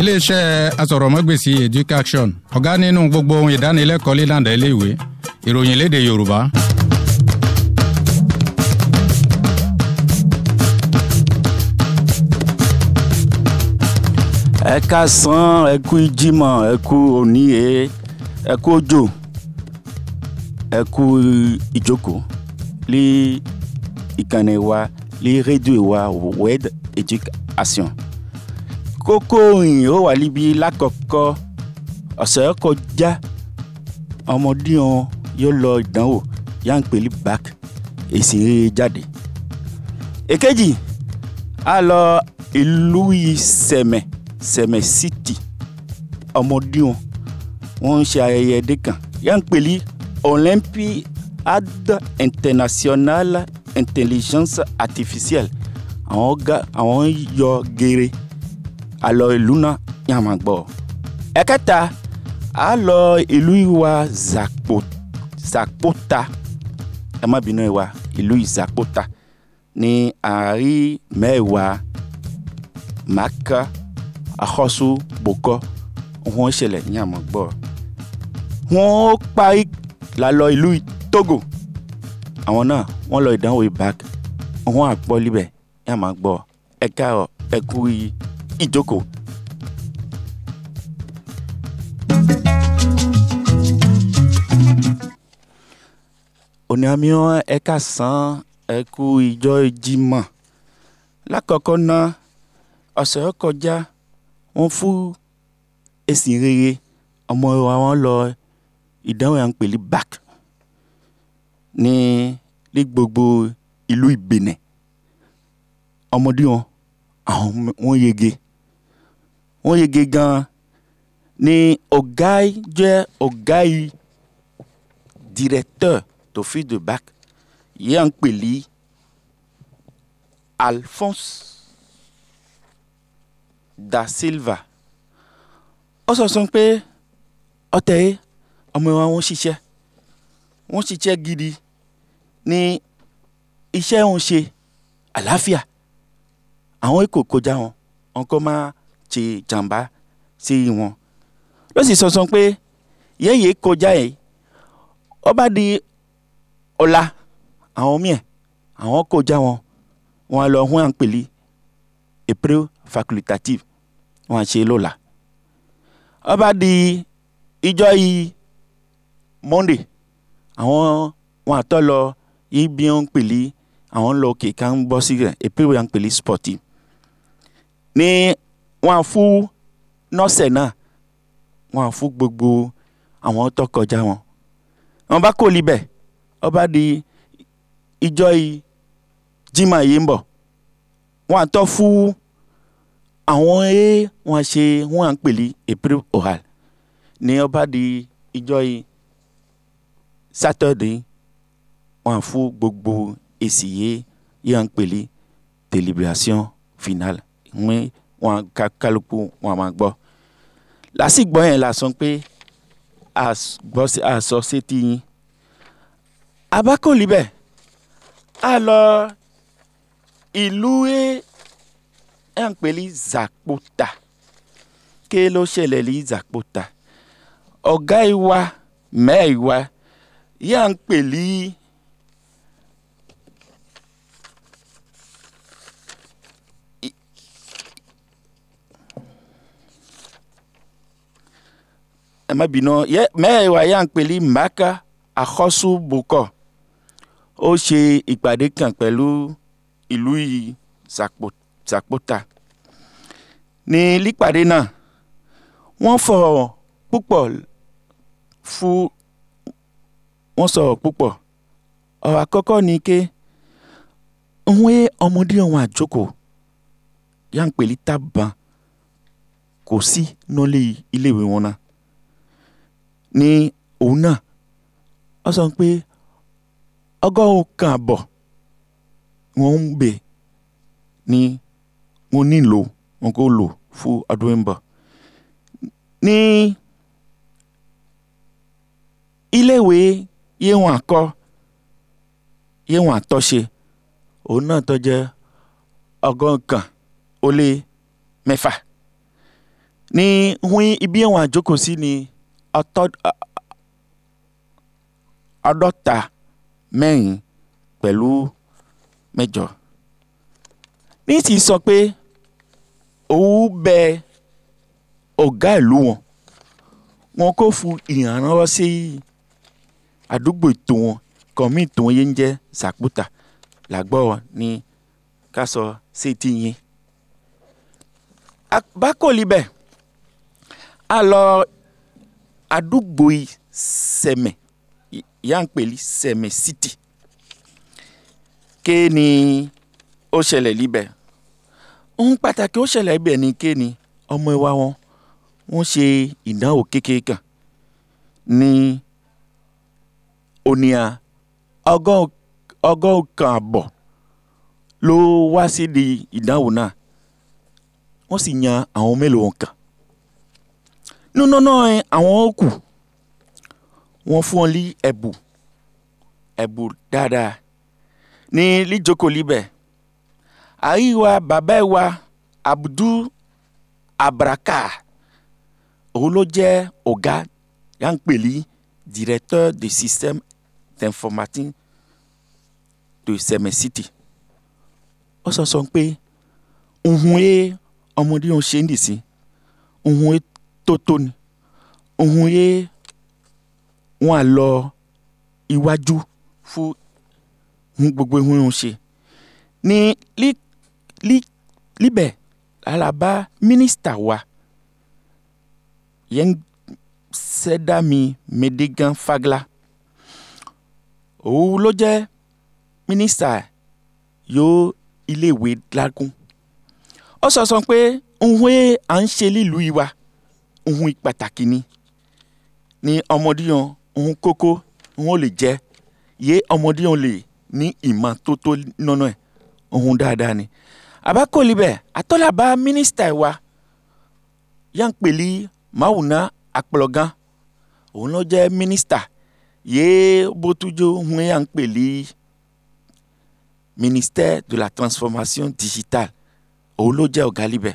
iléeṣẹ́ asọ̀rọ̀mọ́gbèsì education ọ̀gá nínú gbogbo ohun ìdánilẹ́kọ̀ọ́ lílànà iléèwé ìròyìn léde yorùbá. ẹ san ẹ kú ìjímọ̀ ẹ kú òníye ẹ kú òjò ẹ ìjókòó lé ìkànnì wa lé rédíò wa wed education kókóyìn ó wà níbi lákọ̀ọ́kọ́ ọ̀sẹ̀ kọjá ọmọdé wọn yóò lọ ìdánwò yá ń pè ní back èsì rere jáde. èkejì a lọ ìlú Sẹ̀mẹ̀ Sẹ̀mẹ̀ city ọmọdé wọn wọ́n ń ṣe ayẹyẹ ẹdẹ kan yá ń pè ní Olympiade Internationale Intelligence Artificielle àwọn yọ geere alɔ eluna nyamagbɔ ɛkɛta alɔ elu wa zakpo zakpota ɛma bi nɔɛ wa elu zakpota ni ari mɛwa maka axɔsu bokɔ wɔn ṣẹlẹ̀ nyamagbɔ wɔn kpa lalɔ elu togo àwọn náà wọ́n lọ ìdánwò ìbáàkì wọ́n àpọ́líbẹ̀ yàmà gbọ́ ẹ̀ka ọ̀ yìí ìjókòó. oníyàmíọ́ ẹ ká san ẹ kú ìjọ ìjímọ̀ lákọ̀ọ́kọ́ náà ọ̀sẹ̀ ọkọjá wọ́n fún èsì rere ọmọ wa wọn lọ ìdánwò à ń bac ní ní gbogbo ìlú ìbẹ̀nẹ̀ ọmọdé wọn àwọn wọn yege wọ́n yege gan-an ní ọ̀gái jẹ́ ọ̀gái directeur tofil de bac yìí à ń pè ní Alphonse da Silva ó sọ sọ pé ọ̀tẹ̀ yìí ọmọ wa wọ́n ṣiṣẹ́ wọ́n ṣiṣẹ́ gidi ní iṣẹ́ òun ṣe àlàáfíà àwọn èkó kọjá wọn ọkọ máa ṣe jàǹbá sí wọn ló sì sọ̀sọ̀ pé yẹ́yẹ́ kọjá ẹ̀ ó bá di ọ̀la àwọn míẹ̀ àwọn kọjá wọn wọn lọ hún à ń pèlè épreuve facultative wọn ṣe lọ́la ó bá di ìjọ yìí monday àwọn wọn àtọ́ lọ yìí bí wọn ń pèlè àwọn lọ kèékà ń bọ́ sí rẹ̀ épreuve à ń pèlè sportive ní wọ́n á fún nọ́ọ̀sẹ̀ náà wọ́n á fún gbogbo àwọn tó kọjá wọn wọ́n bá kò libẹ̀ wọ́n bá di ìjọ jimá yìí ń bọ̀ wọ́n á tọ́ fún àwọn ẹ wọ́n ṣe wọ́n à ń pèlè april ohal ní wọ́n di ìjọ sátọ̀dé wọ́n á fún gbogbo èsì yìí yìí ń pèlè délibération finale wọn kálukú wọn máa gbọ́ lásìgbọ́ yẹn la sọ pé àsọ sétí yín abákòlì bẹ́ẹ̀ a lọ ìlú ẹ̀ e, ẹ̀ ń pè ní Zakpota ké ló ṣẹlẹ̀ ní Zakpota ọ̀gá ìwà mẹ́ẹ̀ẹ́wà yà ń pè ní mabino ye wa yà ń maka mbaka akọ́sùbùkọ̀ ó ṣe ìpàdé kan pẹ̀lú ìlú yìí sàpótà ní lípàdé náà wọ́n fọ̀ púpọ̀ fún wọ́n sọ̀rọ̀ púpọ̀ ọ̀rọ̀ àkọ́kọ́ ni ké òun é ọmọdé ọ̀hún àjókò yà ń pèlí tábàn kò sí nọ́lé iléèwé wọn náà ní òun náà ó sọ pé ọgọ́rùn-ún kan àbọ̀ wọ́n ń bè ní wọ́n nílò wọn kò lò fún ọdún ń bọ̀ ní iléèwé yéwọn àkọ́ yéwọn àtọ́ṣe òun náà tó jẹ́ ọgọ́rùn-ún kan ó lé mẹ́fà ní wọn ibi yẹn wọn àjókòó sí ni. Hui, ọtọ àádọ́ta mẹ́rin pẹ̀lú mẹ́jọ. Nísì sọ pé òun bẹ ọ̀gá ìlú wọn wọn kò fún ìrànlọ́wọ́ sí àdúgbò ètò wọn kọ̀mí ètò wọn yé ń jẹ́ sàkúta làgbọ́ ni ká sọ sétí yín. bákò libẹ̀ a lọ àdúgbò Sẹ̀mẹ̀ Yáǹpẹ̀lì Sẹ̀mẹ̀ City kéènì ó ṣẹlẹ̀ níbẹ̀ ohun pàtàkì ó ṣẹlẹ̀ níbẹ̀ ni kéènì ọmọ ìwà wọn wọ́n ṣe ìdánwò kékeré kan ní oníyà ọgọ́rùn kan àbọ̀ ló wá sí di ìdánwò náà wọ́n sì yan àwọn mélòó kan nínú eh, àwọn òkú wọ́n fún ọ ní ẹ̀bùn ẹ̀bùn dáadáa ní lijoko libẹ̀ àríwá bàbá ẹ̀ wa Abdul Abraka òun ló jẹ́ ọ̀gá yànpẹ̀lì directeur de système d'informatique de sẹ̀mẹ̀sìtì ó sọ sọ pé òun ẹ ọmọdé òun ṣe ń dì sí òun ẹ tótóni ọ̀hún é wọn lọ iwájú fún hun gbogbo hun hun ṣe ní líbẹ̀ alaba mínísítà wa yẹn sẹ́dámi mẹ́dẹ́gàn fagla òun ló jẹ́ mínísítà yóò iléèwé lágún ó sọ sọ pé ń wé à ń ṣe lílùú yìí wa ohun pàtàkì ni ni ọmọdé yẹn ohun kókó wọn lè jẹ yé ọmọdé yẹn lè ní ìmọ̀ tó tó nọ́nà ẹ̀ ohun dáadáa ni abakoli bẹ́ẹ̀ mínísítà wa yan pèlí mawuna akplọ̀gán òun ló jẹ́ mínísítà yé bótújó hun yan pèlí ministère de la transformation digital òun ló jẹ́ ọ̀gá libẹ̀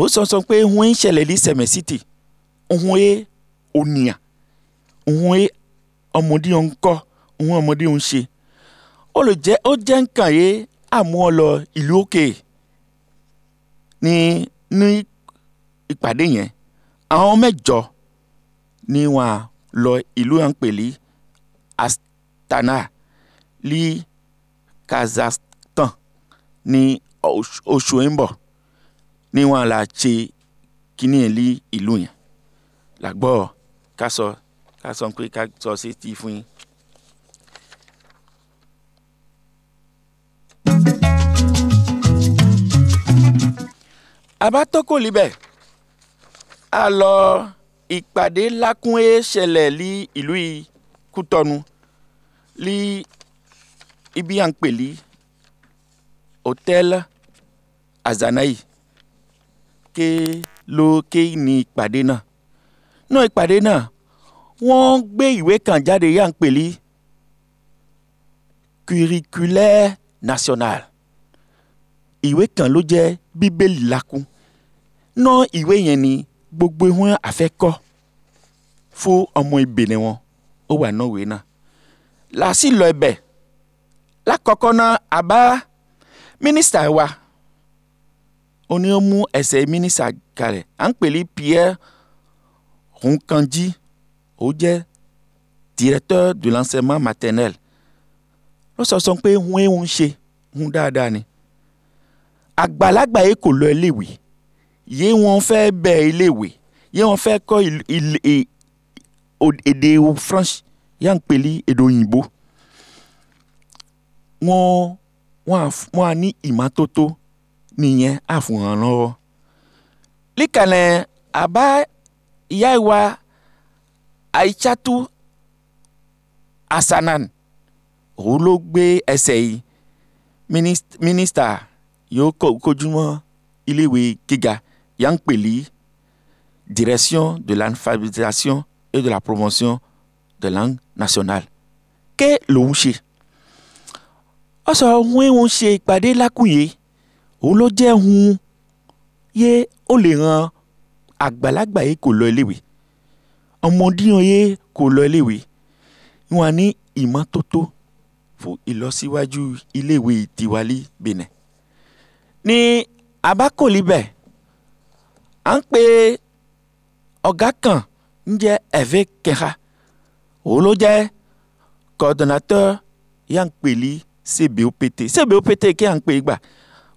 o sɔnsɔn pe hun ṣẹlẹ̀ li sɛmɛsiti hun ye onia hun ye ọmọdé ń kọ́ hun ọmọdé ń ṣe ó lè jẹ́ ó jẹ́ nǹkan yé àmú ọ ìlú òkè ní ní ìpàdé yẹn àwọn mẹ́jọ ni wọ́n lọ ìlú yẹn pè ní Astana ní Kazakhstan ní oṣù ń bọ̀ n'inwala ce kinieli ìlú yẹn làgbọ́ ká sọ ká sọ pé ká sọ sétí fún yín. abatoko libẹ a lọ ìpàdé lakun e ṣẹlẹ̀ ìlú yìí Kútọ̀nù ibi à ń pè li hòtẹ́ẹ̀lì Azanayi lókè lókè ní ìpàdé náà náà ìpàdé náà wọ́n gbé ìwé kan jáde yá ń pèlí curriculaire national ìwé kan ló jẹ́ bíbélì lakun náà ìwé yẹn ni gbogbo wọn àfẹ́kọ́ fún ọmọ ìbèlè wọn ó wà náà ìwé náà làásì lọ ẹbẹ̀ lákọ̀ọ́kọ́ náà àbá mínísítà wa òun ni ó mú ẹsẹ̀ mínísítà kalẹ̀ Pierre Nkurunziza ó jẹ́ directeur de l'enseignement maternel ló sọ sọ pé hun ehun ṣe hun dáadáa ni àgbàlagbà yìí kò lọ iléèwé yé wọn fẹ́ bẹ iléèwé yé wọn fẹ́ kọ́ e, èdè French yà ń pè ní èdè òyìnbó wọn wọn à ní ìmọ́tótó nìyẹn á fún wọn lọ́wọ́. líkànnì àbá ìyá ìwà Aishatu Hasanan òun ló gbé ẹsẹ̀ yìí mínísítà yóò kojú mọ́ iléèwé gíga yà ń pèlè direction de l'alphabétisation et de la promotion de langue nationale ké lòun ṣe ó sọ wọ́n ń ṣe ìpàdé lákùnyè òun ló jẹ́ hun yé ó lè ran àgbàlagbà yìí kò lọ iléèwé ọmọdé yìí kò lọ iléèwé wọn ní ìmọ́tótó fún ìlọsíwájú iléèwé tiwálé benin ní abákòlíbẹ̀ à ń pe ọ̀gá kan ń jẹ́ ẹ̀fẹ́ kẹha òun ló jẹ́ coordinateur yà ń pèlí cbopt cbopt kí à ń pè é gbà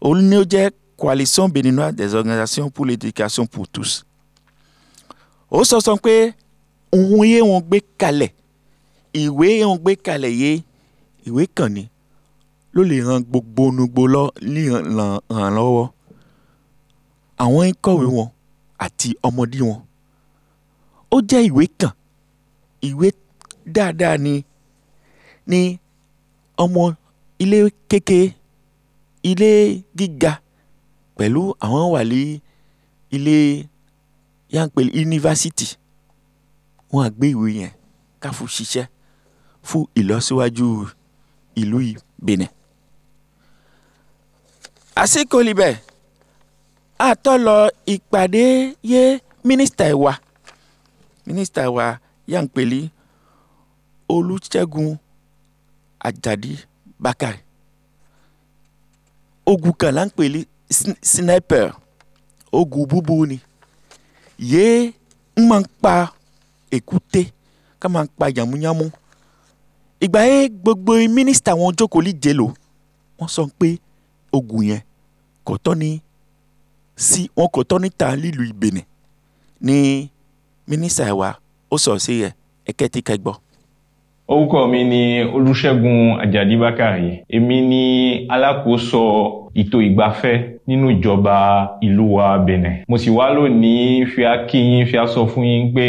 òun ni ó jẹ́ coalition béninoise des organisations pour l'éducation pour tous ó sọ sọ pé òun yé wọn gbé kalẹ̀ ìwé yé wọn gbé kalẹ̀ yé ìwé kàn ní ló lè ran gbogbo onugbo lọ ní ràn lọ́wọ́ àwọn ń kọ̀wé wọn àti ọmọdé wọn ó jẹ́ ìwé kàn ìwé dáadáa ni ni ọmọ ilé kékeré ilé gíga pẹ̀lú àwọn wà ní ilé yánpẹ̀ yunifásitì wọn á gbé ìwé yẹn ká fi ṣiṣẹ́ fún ìlọsíwájú ìlú Benin àsìkò libẹ̀ àtọ́lọ ìpàdé yé mínísítà wa mínísítà wa yánpẹ̀lẹ́ Olúṣẹ́gun Àjàdí Bákàrẹ̀ ogun kan là ń pè ní sniper ogun búburú ni yéé ń máa ń pa èkúté ká máa ń pa yàmúyàmú ìgbà yẹn gbogbo mínísítà wọn jókòó líje lò wọ́n sọ pé ogun yẹn kò tọ́ ní sí wọn kò tọ́ níta lílu ìbẹ̀nẹ̀ ní mínísítà wa ó sọ sí ẹ ẹ̀kẹ́ tí kẹgbọ́n orúkọ mi ni olùṣègùn ajadi bákàrẹ èmi ni alákòóso ètò ìgbafẹ́ nínú ìjọba ìlú wa benin mo sì wá lónìí fi akíyín fi aṣọ fún yín pé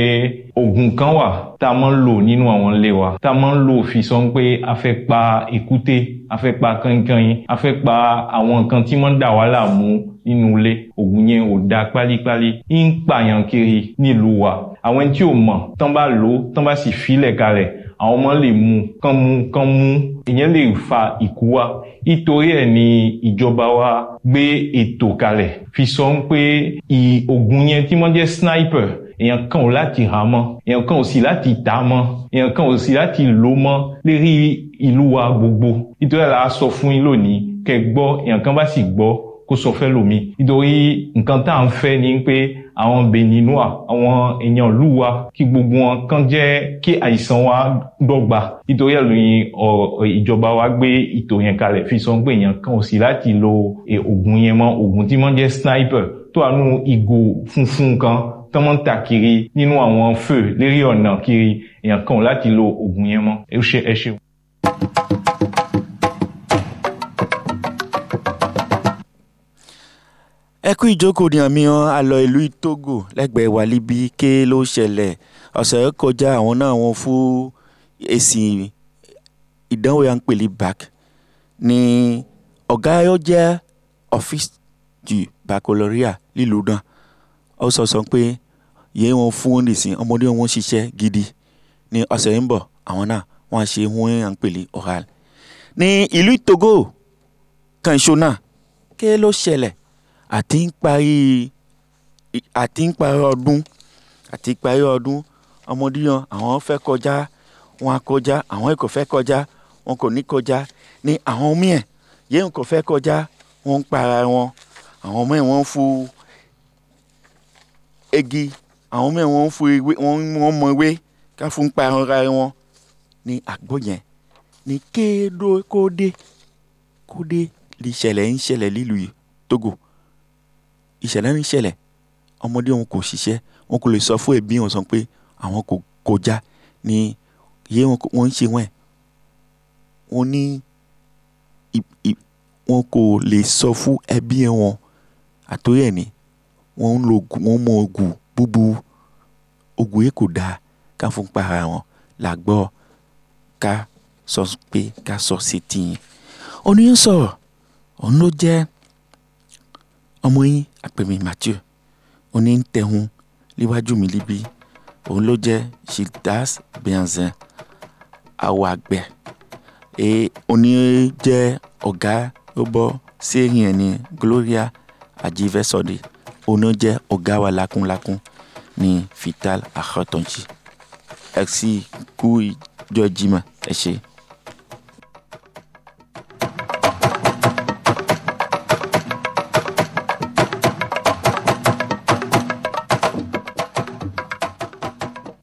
oògùn kan wà tá a máa ń lò nínú àwọn ilé wa tá a máa ń lò fi sọ pé a fẹ́ pa èkúté a fẹ́ pa kankanyin a fẹ́ pa àwọn nǹkan tí wọ́n dà wá láàmú nínú ilé oògùn yẹn ò da pálípálí ń pààyàn kiri nílùú wa àwọn tí ò mọ̀ tán bá lò tán bá sì filẹ̀ kalẹ̀ àwọn ọmọ lè mu kán mu kán mu ìyẹn lè fa ìkú wa nítorí ẹ̀ ni ìjọba wa gbé ètò kalẹ̀ fi sọ pé oògùn yẹn tí wọ́n jẹ́ sniper èèyàn kan ò láti rà mọ́ èèyàn kan ò sì láti tà mọ́ èèyàn kan ò sì láti lò mọ́ lérí ìlú wa gbogbo nítorí àlà sọ fún yín lónìí kẹ́ gbọ́ èèyàn kan bá sì gbọ́ kó sọ fẹ́ lómi nítorí nǹkan tá à ń fẹ́ ni pé àwọn Beninois àwọn èèyàn ìlú wa kí gbogbo wọn kàn jẹ́ kí àìsàn wa dọ́gba nítorí ẹ̀ lóyìn ìjọba wa gbé ìtò yẹn kalẹ̀ fi sọ pé èèyàn kan ò sí láti lo oògùn e, yẹn mọ́ oògùn tí wọ́n jẹ́ sniper tó àánú ìgò funfun kan tán máa ń tà kiri nínú àwọn fè lérí ọ̀nà kiri èèyàn kan ò láti lo oògùn yẹn mọ́ ẹ ṣeun. ẹ kú ìjókòó ní àmì hàn á lọ ìlú togo lẹ́gbẹ̀ẹ́ wa níbí ké ló ṣẹlẹ̀ ọ̀sẹ̀ kọjá àwọn náà wọ́n fún èsì ìdánwò yà ń pè ní bac ní ọ̀gá yóò jẹ́ ọ́fíìsì ju baccalaureate nílùú náà ó sọ sọ pé yẹ́n wọn fún wọn ọmọdé wọn ṣiṣẹ́ gidi ni ọ̀sẹ̀ ń bọ̀ àwọn náà wọ́n ṣe wọ́n à ń pè ní oral ní ìlú togo kan ṣo náà ké ló ṣẹlẹ̀ àti ń parí ọdún àti parí ọdún ọmọdéyàn àwọn fẹ́ kọjá wọn á kọjá àwọn kò fẹ́ kọjá wọn kò ní kọjá ní àwọn míẹ̀ yẹ́n kò fẹ́ kọjá wọn ń para wọn àwọn míẹ̀ wọ́n ń fu egi àwọn míẹ̀ wọ́n ń fu ewé wọ́n ń mọ ewé ká fún ń para wọn ní àgbo yẹn ní kéèdó kódé kódé lè ṣẹlẹ̀ ń ṣẹlẹ̀ lílu yìí Togo ìṣẹ̀lẹ̀ ń ṣẹlẹ̀ ọmọdé òun kò ṣiṣẹ́ wọn kò lè sọ fún ẹbí òun sọ pé àwọn kò kọjá ní iye wọn ń ṣe wọ́n ẹ̀ wọ́n ní wọn kò lè sọ fún ẹbí wọn àtòyẹ ni wọ́n ń lo wọ́n mọ oògùn búbu oògùn yìí kò dáa ká fún para wọn là gbọ́ ká sọ pé ká sọ sí tiyín oníyẹn sọ̀rọ̀ òun ló jẹ́ ọmọ yín àpèmí Matthew oní ń tẹ̀hún níwájú mi níbí òun ló jẹ́ Gildas Bianzan àwọ̀ àgbẹ̀ èè jẹ́ ọ̀gá ó bọ́ sí ẹ̀yìn Gloria Ajivesode oní jẹ́ ọ̀gá wa lákúnlákún ní Vital Akọ́tọ̀njí ẹ sì kú ìjọ Jímọ̀ ẹ ṣé.